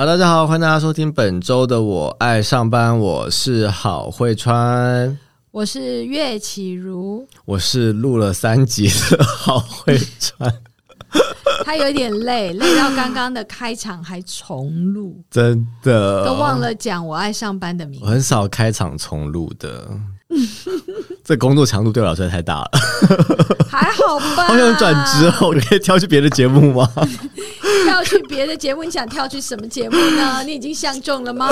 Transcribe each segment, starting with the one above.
好，大家好，歡迎大家收聽本周的我愛上班。我是郝慧川，我是岳啟儒，我是錄了三集的郝慧川， 他有點累， 累到剛剛的開場還重錄，真的都忘了講我愛上班的名字，我很少開場重錄的。 這工作強度對我來說太大了，還好吧？好想轉職哦！可以跳去別的節目嗎？跳去別的節目，你想跳去什麼節目呢？你已經相中了嗎？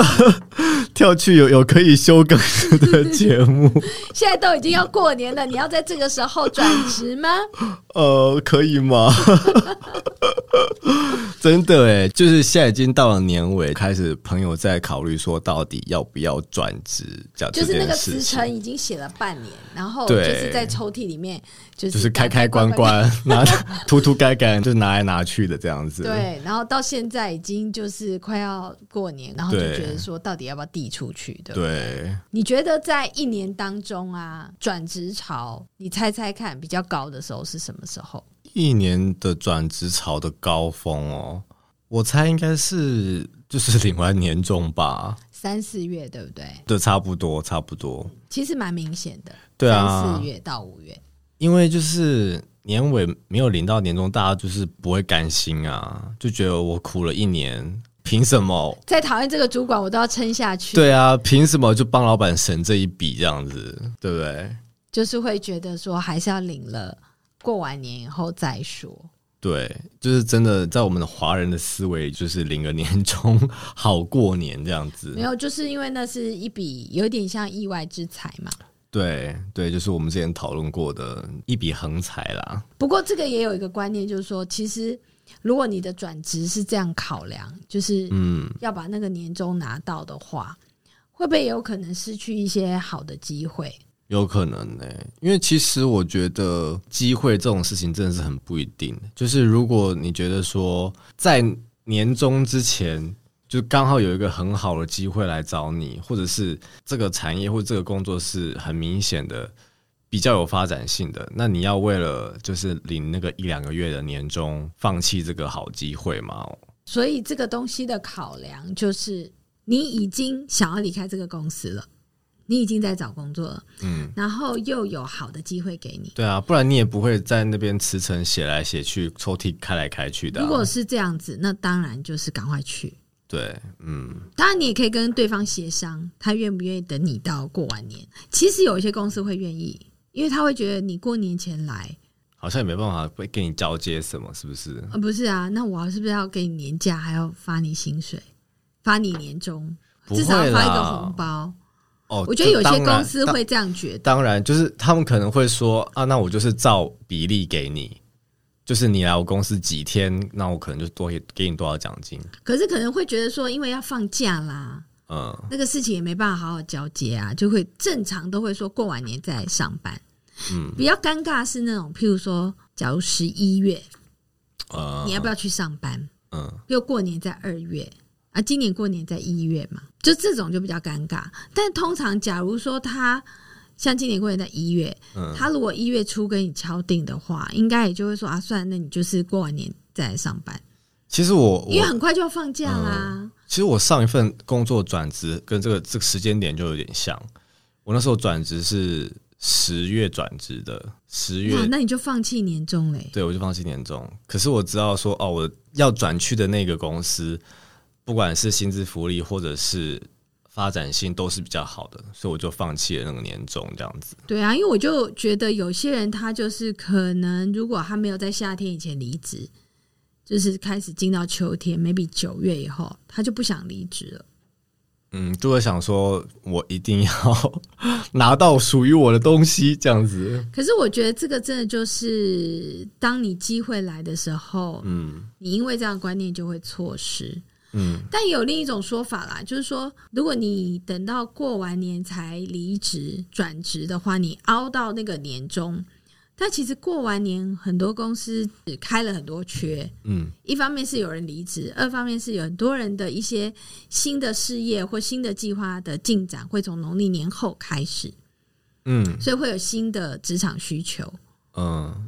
跳去有有可以休更的節目？ 現在都已經要過年了，你要在這個時候轉職嗎？呃，可以嗎？ 真的哎，就是現在已經到了年尾，開始朋友在考慮說，到底要不要轉職？就是那個辭呈已經寫了半年。然後就是在抽屜裡面就是關關，就是開開關關，拿塗塗蓋蓋，就拿來拿去的這樣子。對，然後到現在已經就是快要過年，然後就覺得說到底要不要遞出去？對。對對對，你覺得在一年當中啊，轉職潮，你猜猜看，比較高的時候是什麼時候？一年的轉職潮的高峰哦，我猜應該是就是領完年終吧。三四月對不對？對，差不多，差不多。其實蠻明顯的。對啊。三四月到五月，因為就是年尾沒有領到年終，大家就是不會甘心啊，就覺得我苦了一年，憑什麼？再討厭這個主管，我都要撐下去。對啊，憑什麼就幫老板省這一筆這樣子？對不對？就是會覺得說，還是要領了，過完年以後再說。對，就是真的，在我們的華人的思維，就是領個年終好過年這樣子。沒有，就是因為那是一筆有點像意外之財嘛。對對，就是我們之前討論過的一筆橫財啦。不過這個也有一個觀念，就是說，其實如果你的轉職是這樣考量，就是嗯，要把那個年終拿到的話，嗯。會不會有可能失去一些好的機會？有可能呢？欸，因為其實我覺得機會這種事情真的是很不一定，就是如果你覺得說在年終之前就剛好有一個很好的機會來找你，或者是這個產業或這個工作是很明顯的，比較有發展性的，那你要為了就是領那個一兩個月的年終，放棄這個好機會嗎？所以這個東西的考量就是你已經想要離開這個公司了。你已經在找工作了，嗯，然後又有好的機會給你，對啊，不然你也不會在那邊辭呈寫來寫去，抽屜開來開去的啊。如果是這樣子，那當然就是趕快去。對，嗯，當然你也可以跟對方協商，他願不願意等你到過完年？其實有一些公司會願意，因為他會覺得你過年前來好像也沒辦法會跟你交接什麼，是不是？啊，不是啊，那我是不是要給你年假，還要發你薪水，發你年終，至少發一個紅包。哦、oh，我覺得有些公司會這樣覺得。當然，當然就是他們可能會說啊，那我就是照比例給你，就是你來我公司幾天，那我可能就多給你多少獎金。可是可能會覺得說，因為要放假啦，嗯，那個事情也沒辦法好好交接啊，就會正常都會說過完年再上班。嗯，比較尷尬是那種，譬如說，假如十一月，啊、嗯，你要不要去上班？嗯，又過年在二月。啊，今年過年在一月嘛，就這種就比較尷尬。但通常，假如說他像今年過年在一月，嗯，他如果一月初跟你敲定的話，應該也就會說啊，算，那你就是過完年再來上班。其實我，我因為很快就要放假啦。嗯，其實我上一份工作轉職跟這個這個時間點就有點像。我那時候轉職是十月轉職的，十月。啊，那你就放棄年終嘞？對，我就放棄年終。可是我知道說哦，我要轉去的那個公司。不管是薪資福利，或者是發展性，都是比較好的，所以我就放棄了那個年終這樣子。對啊，因為我就覺得有些人他就是可能，如果他沒有在夏天以前離職，就是開始進到秋天，maybe 九月以後，他就不想離職了。嗯，就會想說，我一定要 拿到屬於我的東西，這樣子。可是我覺得這個真的就是，當你機會來的時候，嗯，你因為這樣的觀念就會錯失。嗯，但也有另一種說法啦，就是說，如果你等到過完年才離職轉職的話，你熬到那個年終，但其實過完年很多公司只開了很多缺，嗯，一方面是有人離職，二方面是有很多人的一些新的事業或新的計劃的進展會從農曆年後開始，嗯，所以會有新的職場需求，嗯，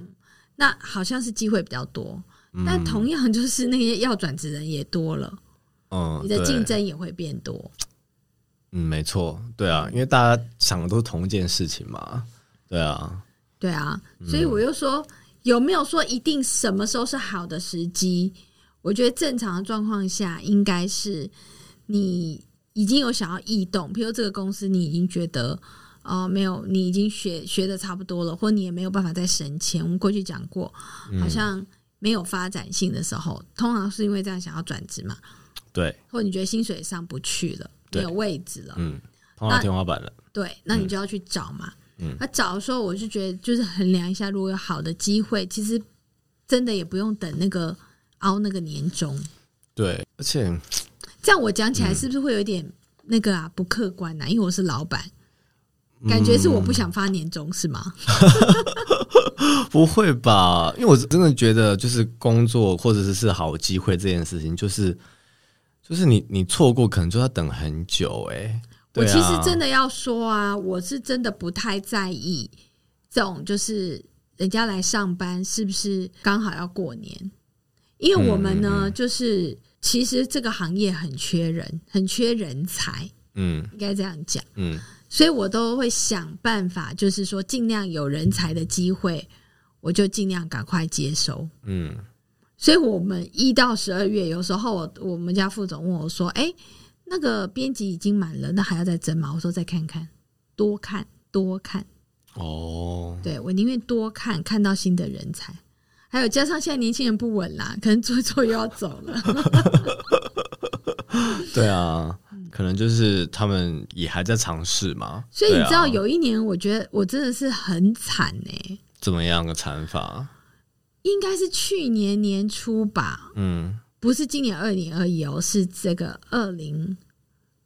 那好像是機會比較多，嗯，但同樣就是那些要轉職人也多了。嗯，你的競爭也會變多嗯。嗯，沒錯，對啊，因為大家想的都是同一件事情嘛，對啊，對啊，所以我又說，嗯、有沒有說一定什麼時候是好的時機？我覺得正常的狀況下，應該是你已經有想要異動，譬如這個公司，你已經覺得哦、呃，沒有，你已經學學的差不多了，或你也沒有辦法再升遷。我們過去講過，好像沒有發展性的時候，通常是因為這樣想要轉職嘛。對，或你覺得薪水上不去了，沒有位置了，嗯，碰天花板了，對，那你就要去找嘛。嗯，那找的時候，我就覺得就是衡量一下，如果有好的機會，其實真的也不用等那個熬那個年終。對，而且這樣我講起來是不是會有點那個啊？不客觀吶、啊，因為我是老板，感覺是我不想發年終、嗯、是嗎？ 不會吧？因為我真的覺得就是工作或者是是好機會這件事情，就是。就是你，你錯過可能就要等很久哎、欸啊。我其實真的要說啊，我是真的不太在意這種，就是人家來上班是不是剛好要過年，因為我們呢、嗯，就是其實這個行業很缺人，很缺人才，嗯，應該這樣講，嗯。所以我都會想辦法，就是說盡量有人才的機會，我就盡量趕快接收，嗯。所以我們一到十二月，有時候我我們家副總問我說：“哎、欸，那個編輯已經滿了，那還要再徵嗎？”我說：“再看看，多看多看。”哦，對，我寧願多看，看到新的人才。還有加上現在年輕人不穩啦，可能做做又要走了。 對啊，可能就是他們也還在嘗試嘛。所以你知道，有一年我覺得我真的是很慘呢、欸。怎麼樣的慘法？應該是去年年初吧，嗯，不是今年二零二一而已哦，是這個二零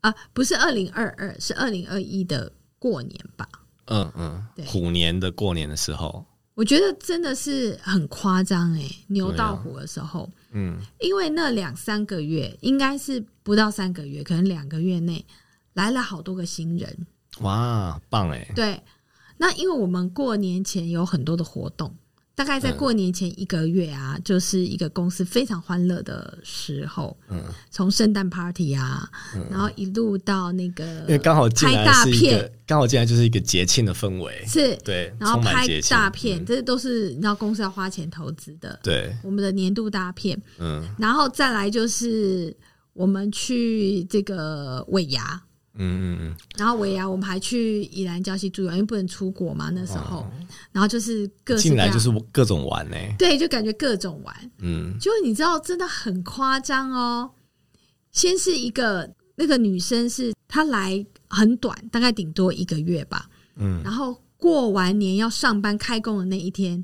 啊，不是二零二二，是二零二一的過年吧？嗯嗯，虎年的過年的時候，我覺得真的是很誇張哎，牛到虎的時候，啊、嗯，因為那兩三個月應該是不到三個月，可能兩個月內來了好多個新人，哇，棒哎、欸，對，那因為我們過年前有很多的活動。大概在過年前一個月啊，嗯、就是一個公司非常歡樂的時候。嗯。從聖誕 party 啊、嗯，然後一路到那個，因為剛好拍大片，剛好進來，來就是一個節慶的氛圍。是。對。然後，然後拍大片、嗯，這都是你知道公司要花錢投資的。對。我們的年度大片。嗯。然後再來就是我們去這個尾牙。嗯嗯嗯，然後尾牙，我們還去宜蘭礁溪住，因為不能出國嘛那時候，然後就是各進來就是各種玩呢、欸，對，就感覺各種玩，嗯，就是你知道真的很誇張哦。先是一個那個女生是她來很短，大概頂多一個月吧，嗯，然後過完年要上班開工的那一天，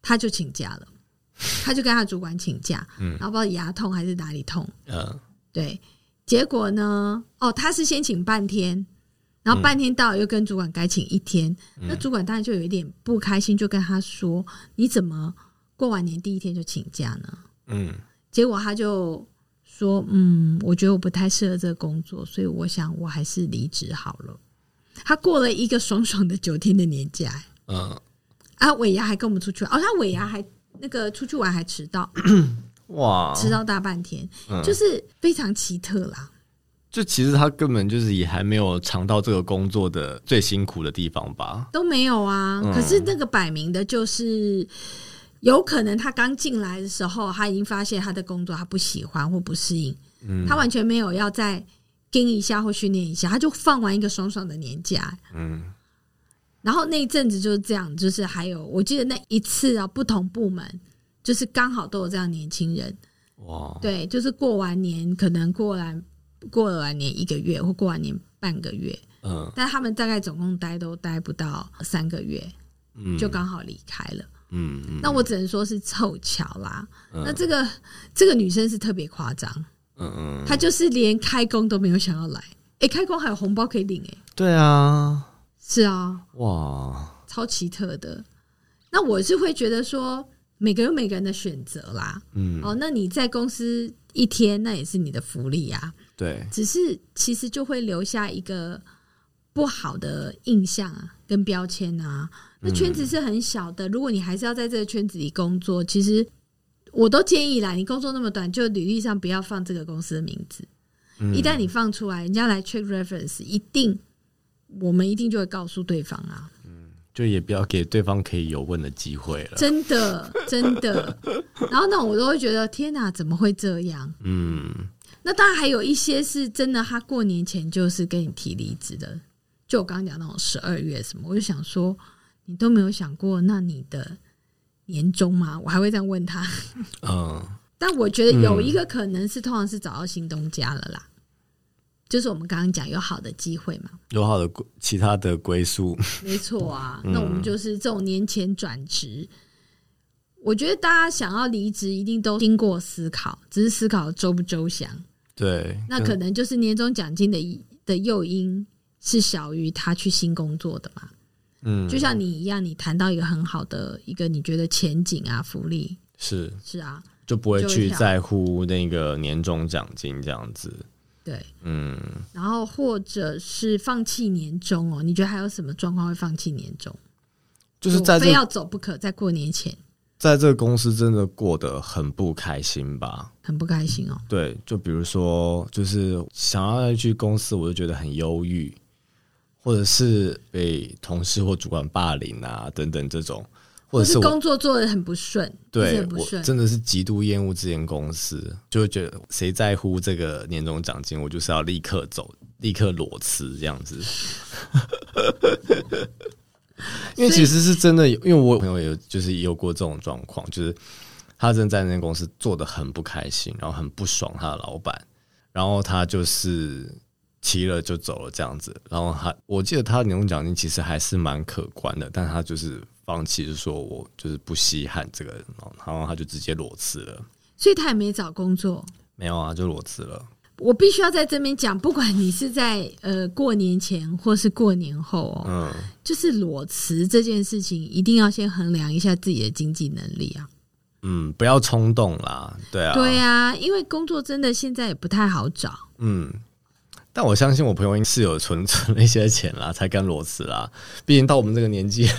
她就請假了，她就跟她主管請假，嗯，然後不知道牙痛還是哪裡痛，嗯、呃，對。結果呢？哦，他是先請半天，然後半天到又跟主管改請一天、嗯。那主管當然就有一點不開心，就跟他說：“你怎麼過完年第一天就請假呢？”嗯，結果他就說：“嗯，我覺得我不太適合這個工作，所以我想我還是離職好了。”他過了一個爽爽的九天的年假。嗯，啊，尾牙還跟我們出去哦，他尾牙還那個出去玩還遲到。嗯哇，遲到大半天，嗯，就是非常奇特啦。就其實他根本就是也還沒有嚐到這個工作的最辛苦的地方吧，都沒有啊。嗯、可是那個擺明的就是，有可能他剛進來的時候，他已經發現他的工作他不喜歡或不適應、嗯，他完全沒有要再盯一下或訓練一下，他就放完一個爽爽的年假，嗯。然後那一陣子就是這樣，就是還有，我記得那一次啊，不同部門。就是剛好都有這樣年輕人，哇！對，就是過完年可能過完過完年一個月或過完年半個月，嗯，但他們大概總共待都待不到三個月，嗯，就剛好離開了，嗯，嗯，那我只能說是湊巧啦，嗯，那這個這個女生是特別誇張，嗯嗯，她就是連開工都沒有想要來，哎，欸，開工還有紅包可以領欸，哎，對啊，是啊，哇，超奇特的。那我是會覺得說。每個人有每個人的選擇啦，嗯，哦，那你在公司一天，那也是你的福利呀，啊，對，只是其實就會留下一個不好的印象啊，跟標籤啊，那圈子是很小的，嗯、如果你還是要在這個圈子裡工作，其實我都建議啦，你工作那麼短，就履歷上不要放這個公司的名字，一旦你放出來，人家來 check reference，一定我們一定就會告訴對方啊。就也不要給對方可以有問的機會了，真，真的真的。然後那我都會覺得天哪、啊，怎麼會這樣？嗯，那當然還有一些是真的，他過年前就是跟你提離職的。就我剛剛講那種十二月什麼，我就想說，你都沒有想過那你的年終嗎？我還會這樣問他。嗯， 但我覺得有一個可能是，通常是找到新東家了啦。就是我們剛剛講有好的機會嘛，有好的其他的歸宿，沒錯啊。那我們就是這種年前轉職，嗯，我覺得大家想要離職一定都經過思考，只是思考周不周詳。對，那可能就是年終獎金的的誘因是小於他去新工作的嘛。嗯，就像你一樣，你談到一個很好的一個你覺得前景啊福利，是是啊，就不會去在乎那個年終獎金這樣子。對，嗯，然後或者是放棄年終哦，你覺得還有什麼狀況會放棄年終？就是在非要走不可，在過年前，在這個公司真的過得很不開心吧？很不開心哦。對，就比如說，就是想要去公司，我就覺得很憂鬱，或者是被同事或主管霸凌啊，等等這種。或，是，我或是工作做的很不順，對，就是、真的是極度厭惡這間公司，就會覺得誰在乎這個年終獎金，我就是要立刻走，立刻裸辭這樣子。 因為其實是真的，因為我朋友也有就是也有過這種狀況，就是他真的在那間公司做的很不開心，然後很不爽他的老闆，然後他就是。提了就走了這樣子，然後他我記得他年終獎金其實還是蠻可觀的，但他就是放棄，就說我就是不稀罕這個人。然後他就直接裸辭了。所以他也沒找工作？沒有啊，就裸辭了。我必須要在這邊講，不管你是在呃過年前或是過年後哦，嗯，就是裸辭這件事情，一定要先衡量一下自己的經濟能力啊。嗯，不要衝動啦，對啊，對啊，因為工作真的現在也不太好找，嗯。但我相信我朋友是有存存了一些錢啦，才敢裸辭啦。畢竟到我們這個年紀，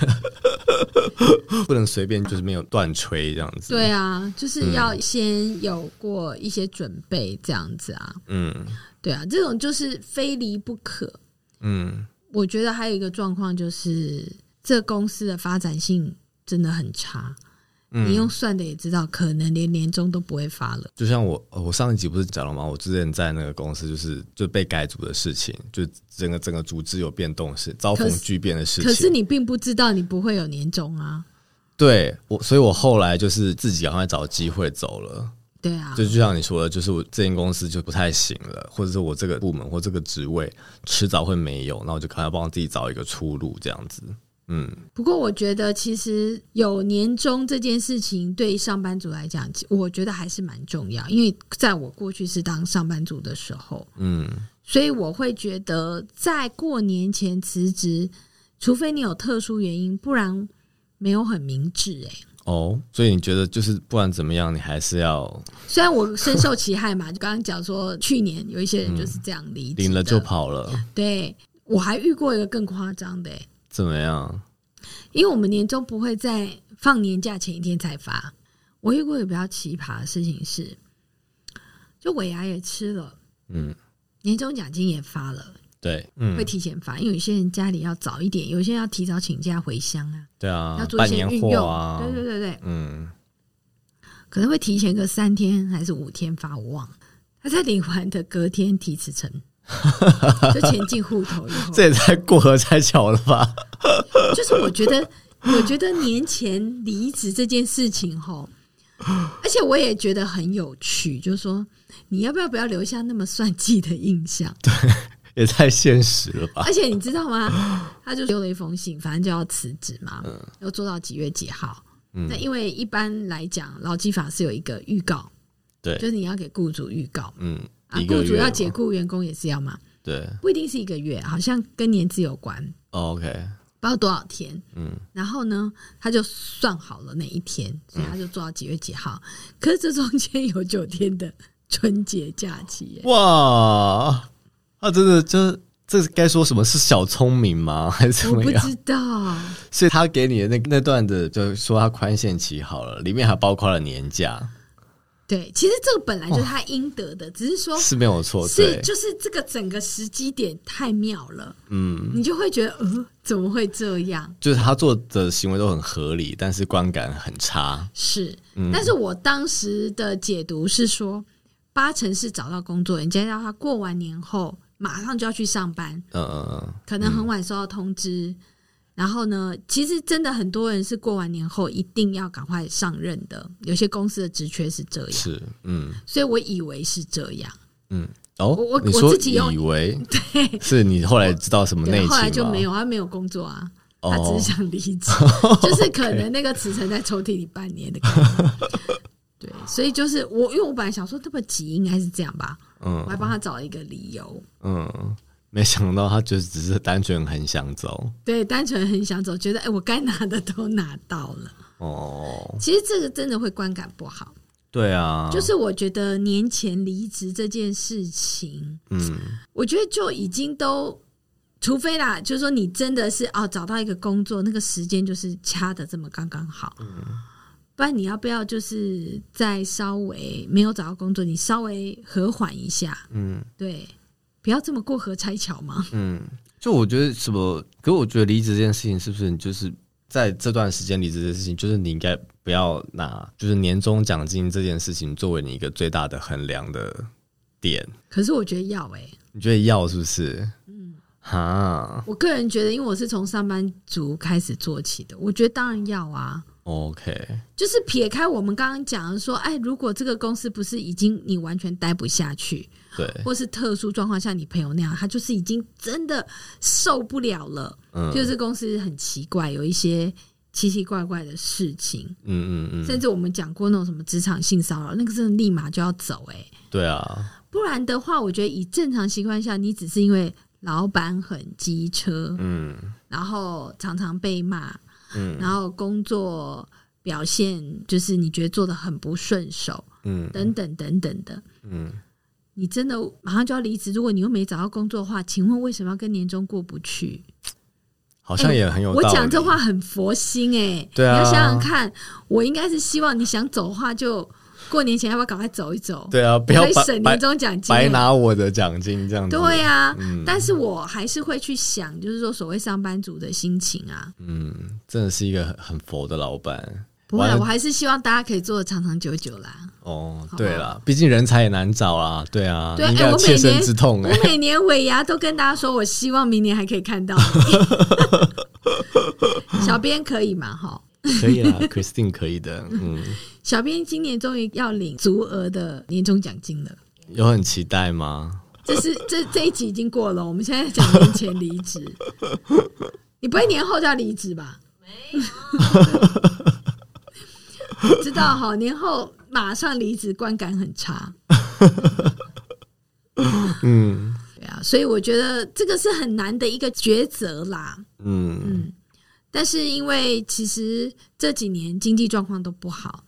不能隨便就是沒有斷炊這樣子。對啊，就是要先有過一些準備這樣子啊。嗯，對啊，這種就是非離不可。嗯，我覺得還有一個狀況就是，這公司的發展性真的很差。你用算的也知道，嗯，可能連年終都不會發了。就像我，我上一集不是講了嗎？我之前在那個公司，就是就被改組的事情，就整個整個組織有變動是，是遭逢巨變的事情。可是，可是你並不知道，你不會有年終啊。對我，所以我後來就是自己趕快找機會走了。對啊，就就像你說的，就是我這間公司就不太行了，或者是我這個部門或這個職位遲早會沒有，那我就趕快幫自己找一個出路，這樣子。嗯，不過我覺得其實有年終這件事情，對於上班族來講，我覺得還是蠻重要。因為在我過去是當上班族的時候，嗯，所以我會覺得在過年前辭職，除非你有特殊原因，不然沒有很明智，欸。哎，哦，所以你覺得就是，不管怎麼樣，你還是要？雖然我深受其害嘛， 就剛剛講說，去年有一些人就是這樣離職，嗯，領了就跑了。對，我還遇過一個更誇張的，欸。怎麼樣？因為我們年終不會在放年假前一天才發。我遇過個比較奇葩的事情是，就尾牙也吃了，嗯，年終獎金也發了，對，嗯，會提前發，因為有些人家裡要早一點，有些人要提早請假回鄉啊，對啊，要做一些運用啊，對對對對，嗯，可能會提前個三天還是五天發，我忘了，他在領完的隔天提辭呈。 就錢進戶頭，這也太過河拆橋了吧？就是我覺得，我覺得年前離職這件事情，哈，而且我也覺得很有趣，就是說你要不要不要留下那麼算計的印象？對，也太現實了吧？而且你知道嗎？他就留了一封信，反正就要辭職嘛，要、嗯、做到幾月幾號？那、嗯、因為一般來講，勞基法是有一個預告，對，就是你要給僱主預告，嗯。啊、雇主要解僱員工也是要嘛嗎？對，不一定是一個月，好像跟年資有關。OK，不知道多少天。嗯，然後呢，他就算好了哪一天，所以他就做到幾月幾號。嗯、可是這中間有九天的春節假期耶。哇！啊，真的就，這這該說什麼是小聰明嗎？還是怎麼樣？我不知道。所以他給你的那那段的，就說他寬限期好了，裡面還包括了年假。對，其實這個本來就是他應得的，只是說是，是沒有錯，是就是這個整個時機點太妙了，嗯，你就會覺得嗯、呃，怎麼會這樣？就是他做的行為都很合理，但是觀感很差。是，嗯、但是我當時的解讀是說，八成是找到工作，人家要他過完年後馬上就要去上班，嗯嗯嗯，可能很晚收到通知。然後呢，其實真的很多人是過完年後一定要趕快上任的，有些公司的職缺是這樣。是，嗯。所以我以為是這樣。嗯、哦、我我我自己以為，對，是你後來知道什麼內情嗎？後來就沒有，他沒有工作啊，他只是想離職，哦、就是可能那個辭呈在抽屜裡半年的感覺。 對，所以就是我，因為我本來想說這麼急，應該是這樣吧。嗯。我還幫他找一個理由。嗯。沒想到他就是只是單純很想走，對，單純很想走，覺得哎，我該拿的都拿到了。哦、oh，其實這個真的會觀感不好。對啊，就是我覺得年前離職這件事情，嗯，我覺得就已經都，除非啦，就是說你真的是哦，找到一個工作，那個時間就是掐得這麼剛剛好。嗯，不然你要不要就是再稍微沒有找到工作，你稍微和緩一下？嗯，對。不要這麼過河拆橋嘛。嗯，就我覺得什麼，可是我覺得離職這件事情是不是就是在這段時間離職的事情，就是你應該不要拿就是年終獎金這件事情作為你一個最大的衡量的點。可是我覺得要哎、欸，你覺得要是不是？嗯，哈，我個人覺得，因為我是從上班族開始做起的，我覺得當然要啊。OK，就是撇開我們剛剛講的說，哎，如果這個公司不是已經你完全待不下去。對，或是特殊狀況，像你朋友那樣，他就是已經真的受不了了。嗯，就是公司很奇怪，有一些奇奇怪怪的事情。嗯嗯，嗯，甚至我們講過那種什麼職場性騷擾，那個真的立馬就要走哎、欸。對啊，不然的話，我覺得以正常情況下，你只是因為老闆很機車，嗯，然後常常被罵，嗯，然後工作表現就是你覺得做得很不順手，嗯，等等等等的，嗯。你真的馬上就要離職，如果你又沒找到工作的話，請問為什麼要跟年終過不去？好像也很有、欸，我講這話很佛心哎、欸。對啊，你要想想看，我應該是希望你想走的話，就過年前要不要趕快走一走？對啊，不要省年終獎金、欸，白拿我的獎金這樣子。對啊、嗯，但是我還是會去想，就是說所謂上班族的心情啊。嗯，真的是一個很佛的老闆。不會，我還是希望大家可以做的長長久久啦。哦，對了，畢竟人才也難找啊，對啊，對，應該有切身之痛、欸我欸。我每年尾牙都跟大家說，我希望明年還可以看到。 小編可以嘛？哈， 可以啊 Christine 可以的。嗯 ，小編今年終於要領足額的年終獎金了，有很期待嗎？ 這是這是這一集已經過了，我們現在要講年前離職， 你不會年後就要離職吧？沒有。 知道好、喔，年後馬上離職，觀感很差。 嗯， 對啊，所以我覺得這個是很難的一個抉擇啦。嗯，嗯，但是因為其實這幾年經濟狀況都不好，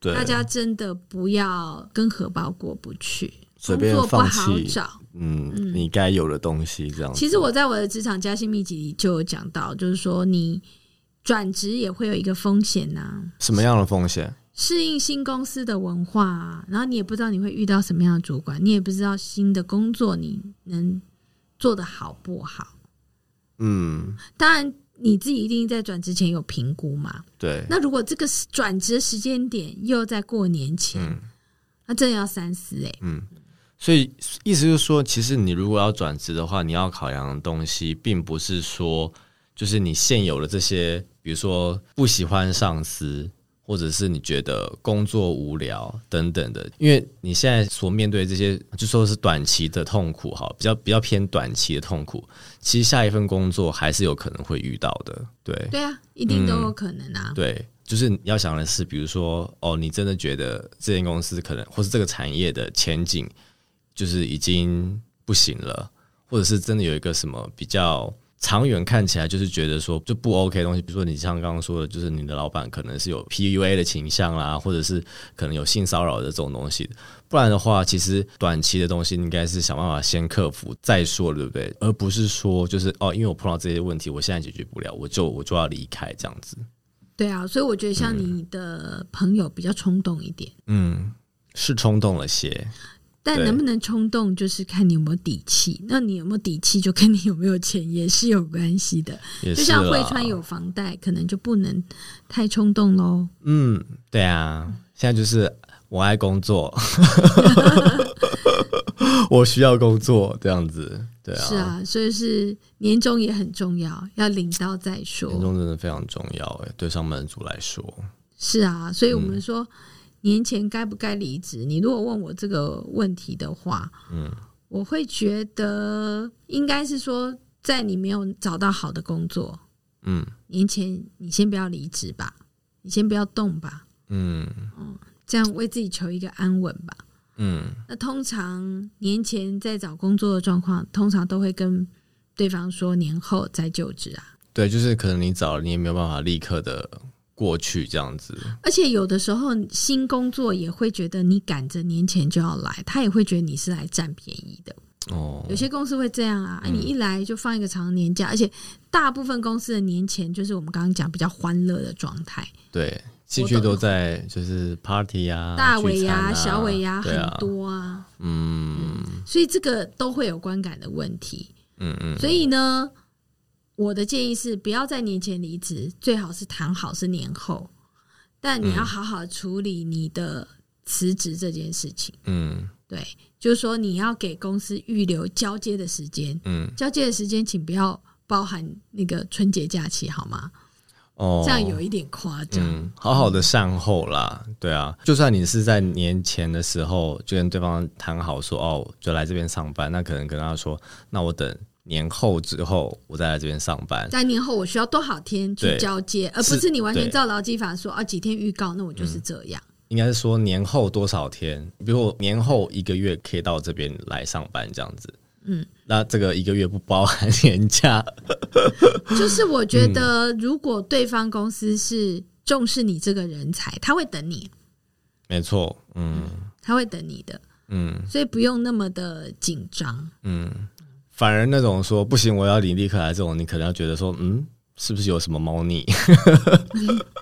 大家真的不要跟荷包過不去，隨便放棄，工作不好找。嗯，嗯，你該有的東西這樣。其實我在我的職場加薪秘籍裡就有講到，就是說你。轉職也會有一個風險吶、啊，什麼樣的風險？適應新公司的文化，啊，然後你也不知道你會遇到什麼樣的主管，你也不知道新的工作你能做得好不好。嗯，當然你自己一定在轉職前有評估嘛。對。那如果這個轉職時間點又在過年前，那、嗯、真的要三思哎、欸。嗯，所以意思就是說，其實你如果要轉職的話，你要考量的東西，並不是說就是你現有的這些。比如說不喜歡上司，或者是你覺得工作無聊等等的，因為你現在所面對這些，就說是短期的痛苦哈，比較比較偏短期的痛苦，其實下一份工作還是有可能會遇到的，對對啊，一定都有可能啊。嗯、對，就是你要想的是，比如說哦，你真的覺得這間公司可能，或是這個產業的前景就是已經不行了，或者是真的有一個什麼比較。長遠看起來就是覺得說就不 OK 的東西，比如說你像剛剛說的，就是你的老闆可能是有 PUA 的傾向啦，或者是可能有性騷擾的這種東西。不然的話，其實短期的東西應該是想辦法先克服再說，對不對？而不是說就是哦，因為我碰到這些問題，我現在解決不了，我就我就要離開這樣子。對啊，所以我覺得像你的朋友比較衝動一點，嗯，是衝動了些。但能不能衝動，就是看你有沒有底氣。那你有沒有底氣，就跟你有沒有錢也是有關係的。就像慧川有房貸，可能就不能太衝動嘍。嗯，對啊，現在就是我愛工作， 我需要工作這樣子。對啊，是啊，所以是年終也很重要，要領到再說。年終真的非常重要，哎，對上班族來說。是啊，所以我們說。嗯年前該不該離職？你如果問我這個問題的話，嗯，我會覺得應該是說，在你沒有找到好的工作，嗯，年前你先不要離職吧，你先不要動吧，嗯，哦、嗯，這樣為自己求一個安穩吧，嗯。那通常年前在找工作的狀況，通常都會跟對方說年後再就職啊。對，就是可能你找了，你也沒有辦法立刻的。過去這樣子，而且有的時候新工作也會覺得你趕着年前就要來，他也會覺得你是來占便宜的。哦，有些公司會這樣啊，嗯、啊你一來就放一個長年假，而且大部分公司的年前就是我們剛剛講比較歡樂的狀態，對，進去都在就是 party 呀、啊，大尾牙、啊啊、小尾牙、啊啊、很多啊，嗯，所以這個都會有觀感的問題，嗯嗯，所以呢。我的建議是，不要在年前離職，最好是談好是年後。但你要好好處理你的辭職這件事情。嗯，對，就是說你要給公司預留交接的時間。嗯，交接的時間請不要包含那個春節假期，好嗎？哦，這樣有一點誇張。嗯，好好的善後啦，對啊，就算你是在年前的時候就跟對方談好說，哦，就來這邊上班，那可能跟他說，那我等。年後之後，我再來這邊上班。在年後，我需要多少天去交接？而不是你完全照勞基法說啊，幾天預告，那我就是這樣。嗯，應該是說年後多少天？比如說年後一個月可以到這邊來上班，這樣子。嗯，那這個一個月不包含年假。就是我覺得，如果對方公司是重視你這個人才，他會等你。沒錯，嗯，嗯，他會等你的，嗯，所以不用那麼的緊張，嗯。反而那種說不行，我要你立刻來這種，你可能要覺得說，嗯，是不是有什麼貓膩？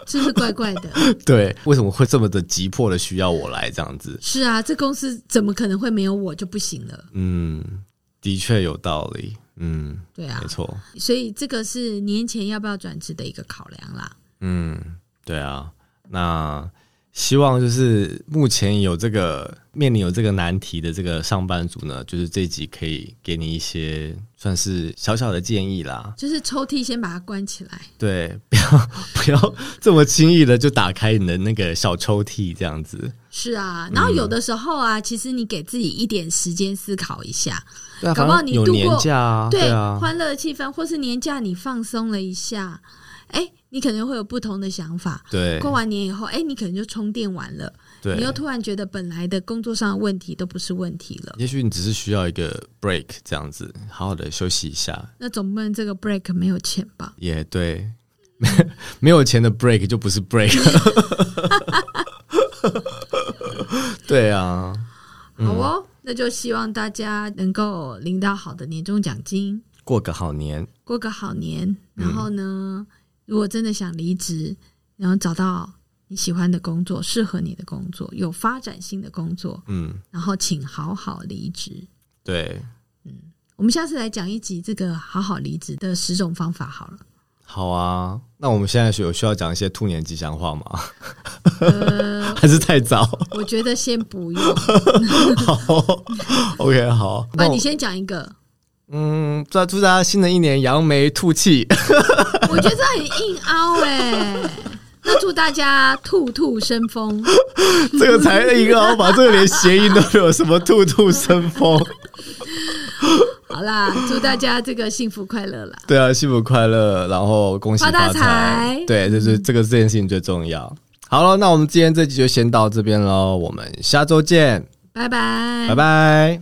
是 不是怪怪的？對，為什麼會這麼的急迫的需要我來這樣子？是啊，這公司怎麼可能會沒有我就不行了？嗯，的確有道理。嗯，對啊，沒錯。所以這個是年前要不要轉職的一個考量啦。嗯，對啊，那。希望就是目前有這個面臨有這個難題的這個上班族呢，就是這集可以給你一些算是小小的建議啦。就是抽屜先把它關起來，對，不要不要這麼輕易的就打開你的那個小抽屜，這樣子。是啊，然後有的時候啊，嗯、其實你給自己一點時間思考一下，啊、搞不好你度過有年假啊對，對啊歡樂的氣氛，或是年假你放鬆了一下，哎、欸。你可能會有不同的想法。對，過完年以後，哎、欸，你可能就充電完了。對，你又突然覺得本來的工作上的問題都不是問題了。也許你只是需要一個 break，這樣子好好的休息一下。那總不能這個 break 沒有錢吧？也、yeah, 對， 沒有錢的 break 就不是 break。 對啊。好哦、嗯，那就希望大家能夠領到好的年終獎金，過個好年，過個好年，然後呢，嗯如果真的想離職，然後找到你喜歡的工作、適合你的工作、有發展性的工作，嗯，然後請好好離職。對，嗯，我們下次來講一集這個好好離職的十種方法，好了。好啊，那我們現在是有需要講一些兔年吉祥話嗎？呃、 還是太早，我覺得先不用。 好，OK，好，那你先講一個。嗯，祝祝大家新的一年揚眉吐氣。 我覺得這很硬凹哎，那祝大家兔兔生風。這個才硬凹 把這個連諧音都有，什麼兔兔生風？ 好啦，祝大家這個幸福快樂啦！對啊，幸福快樂，然後恭喜發財，發大財。對，就是這個這件事情最重要。嗯。好了，那我們今天這集就先到這邊嘍，我們下周見，拜拜，拜拜。